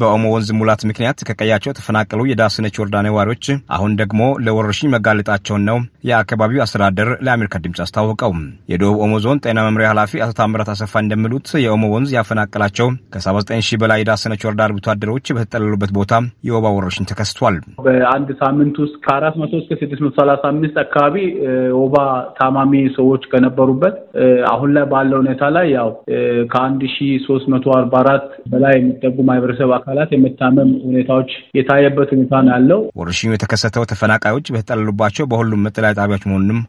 በኦሞ ወንዝ ሙላት ምክንያት ከቀያቸው የተፈናቀሉ የዳስነች ወረዳ ነዋሪዎች አሁን ደግሞ ለወረርሽኝ መጋለጣቸውን ነው የአካባቢው አስተዳደር ለአሜሪካ ድምፅ አስታወቀው። የደቡብ ኦሞ ዞን ጤና መምሪያ ኃላፊ አቶ ታምራት አሰፋ እንደሚሉት የኦሞ ወንዝ ያፈናቀላቸው ከ79 ሺህ በላይ የዳስነች ወረዳ አርብቶ አደሮች በተጠለሉበት ቦታ የወባ ወረርሽኝ ተከስቷል። በአንድ ሳምንት ውስጥ ከአራት መቶ እስከ ስድስት መቶ ሰላሳ አምስት አካባቢ ወባ ታማሚ ሰዎች ከነበሩበት አሁን ላይ ባለው ሁኔታ ላይ ያው ከአንድ ሺህ ሶስት መቶ አርባ አራት በላይ የሚጠጉ ማህበረሰብ አካላት የመታመም ሁኔታዎች የታየበት ሁኔታ ነው ያለው። ወረርሽኙ የተከሰተው ተፈናቃዮች በተጠለሉባቸው በሁሉም መጠለያ ጣቢያዎች መሆኑንም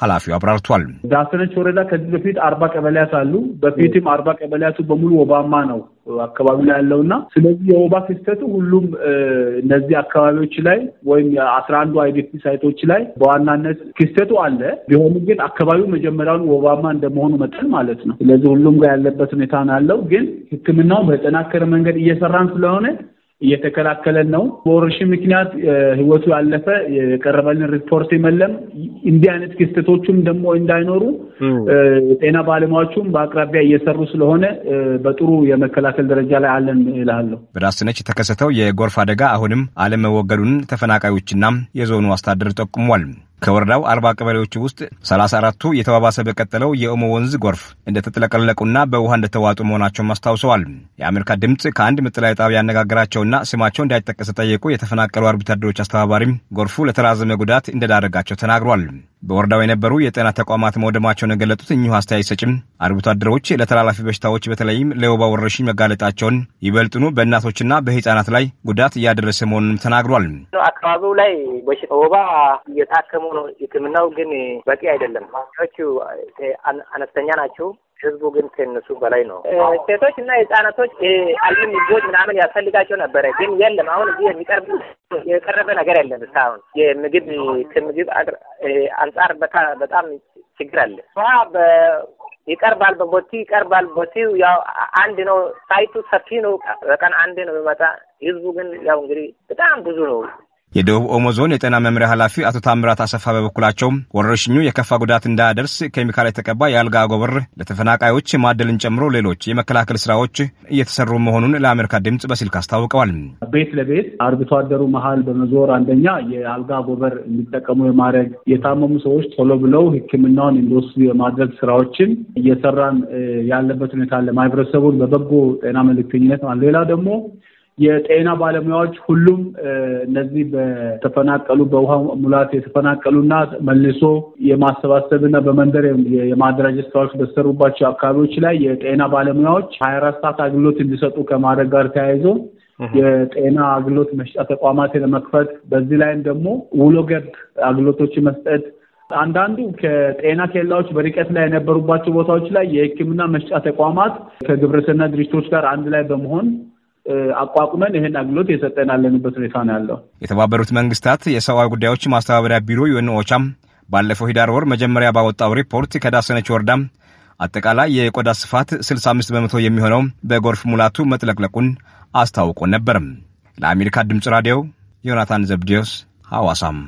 ኃላፊው አብራርቷል። ዳሰነች ወረዳ ከዚህ በፊት አርባ ቀበሌያት አሉ። በፊትም አርባ ቀበሌያቱ በሙሉ ወባማ ነው አካባቢ ላይ ያለውና ስለዚህ የወባ ክስተቱ ሁሉም እነዚህ አካባቢዎች ላይ ወይም አስራ አንዱ አይዲፒ ሳይቶች ላይ በዋናነት ክስተቱ አለ። ቢሆንም ግን አካባቢው መጀመሪያውን ወባማ እንደመሆኑ መጠን ማለት ነው። ስለዚህ ሁሉም ጋር ያለበት ሁኔታ ነው ያለው። ግን ሕክምናው በተጠናከረ መንገድ እየሰራን ስለሆነ እየተከላከለን ነው። በወረርሽኝ ምክንያት ህይወቱ ያለፈ የቀረበልን ሪፖርት የለም። እንዲህ አይነት ክስተቶቹም ደግሞ እንዳይኖሩ ጤና ባለሙያዎቹም በአቅራቢያ እየሰሩ ስለሆነ በጥሩ የመከላከል ደረጃ ላይ አለን እላለሁ። በዳስነች የተከሰተው የጎርፍ አደጋ አሁንም አለመወገዱን ተፈናቃዮችና የዞኑ አስተዳደር ጠቁሟል። ከወረዳው አርባ ቀበሌዎች ውስጥ ሰላሳ አራቱ የተባባሰ በቀጠለው የኦሞ ወንዝ ጎርፍ እንደተጥለቀለቁና በውሃ እንደተዋጡ መሆናቸውን አስታውሰዋል። የአሜሪካ ድምፅ ከአንድ መጠለያ ጣቢያ ያነጋገራቸውና ስማቸው እንዳይጠቀስ ጠየቁ የተፈናቀሉ አርብቶ አደሮች አስተባባሪም ጎርፉ ለተራዘመ ጉዳት እንደዳረጋቸው ተናግሯል። በወረዳው የነበሩ የጤና ተቋማት መውደማቸውን የገለጡት እኚሁ አስተያየት ሰጭም አርብቶ አደሮች ለተላላፊ በሽታዎች በተለይም ለወባ ወረርሽኝ መጋለጣቸውን ይበልጥኑ በእናቶችና በህፃናት ላይ ጉዳት እያደረሰ መሆኑንም ተናግሯል። አካባቢው ላይ ወባ እየታከሙ ነው። ህክምናው ግን በቂ አይደለም። አነስተኛ ናቸው። ህዝቡ ግን ከነሱ በላይ ነው። ሴቶች እና ህጻናቶች አልም ምግቦች ምናምን ያስፈልጋቸው ነበረ፣ ግን የለም። አሁን እዚህ የሚቀርብ የቀረበ ነገር የለም እስካሁን። የምግብ ከምግብ አንጻር በጣም ችግር አለ። ይቀርባል፣ በቦቲ ይቀርባል። ቦቲው ያው አንድ ነው፣ ሳይቱ ሰፊ ነው። በቀን አንድ ነው የሚመጣ ህዝቡ ግን ያው እንግዲህ በጣም ብዙ ነው። የደቡብ ኦሞ ዞን የጤና መምሪያ ኃላፊ አቶ ታምራት አሰፋ በበኩላቸው ወረርሽኙ የከፋ ጉዳት እንዳያደርስ ኬሚካል የተቀባ የአልጋ አጎበር ለተፈናቃዮች ማደልን ጨምሮ ሌሎች የመከላከል ስራዎች እየተሰሩ መሆኑን ለአሜሪካ ድምፅ በስልክ አስታውቀዋል። ቤት ለቤት አርብቶ አደሩ መሀል በመዞር አንደኛ የአልጋ አጎበር እንዲጠቀሙ የማድረግ የታመሙ ሰዎች ቶሎ ብለው ሕክምናውን እንዲወስዱ የማድረግ ስራዎችን እየሰራን ያለበት ሁኔታ አለ። ማህበረሰቡን በበጎ ጤና መልእክተኝነት ሌላ ደግሞ የጤና ባለሙያዎች ሁሉም እነዚህ በተፈናቀሉ በውሃ ሙላት የተፈናቀሉና መልሶ የማሰባሰብና በመንደር የማደራጀት ስራዎች በተሰሩባቸው አካባቢዎች ላይ የጤና ባለሙያዎች ሀያ አራት ሰዓት አገልግሎት እንዲሰጡ ከማድረግ ጋር ተያይዞ የጤና አገልግሎት መስጫ ተቋማት ለመክፈት በዚህ ላይም ደግሞ ውሎ ገብ አገልግሎቶች መስጠት አንዳንዱ ከጤና ኬላዎች በርቀት ላይ የነበሩባቸው ቦታዎች ላይ የሕክምና መስጫ ተቋማት ከግብረሰና ድርጅቶች ጋር አንድ ላይ በመሆን አቋቁመን ይህን አገልግሎት የሰጠን ያለንበት ሁኔታ ነው ያለው። የተባበሩት መንግስታት የሰብአዊ ጉዳዮች ማስተባበሪያ ቢሮ ዩኤን ኦቻም ባለፈው ሂዳር ወር መጀመሪያ ባወጣው ሪፖርት ከዳሰነች ወረዳ አጠቃላይ የቆዳ ስፋት 65 በመቶ የሚሆነው በጎርፍ ሙላቱ መጥለቅለቁን አስታውቆ ነበር። ለአሜሪካ ድምፅ ራዲዮ ዮናታን ዘብዲዮስ ሐዋሳም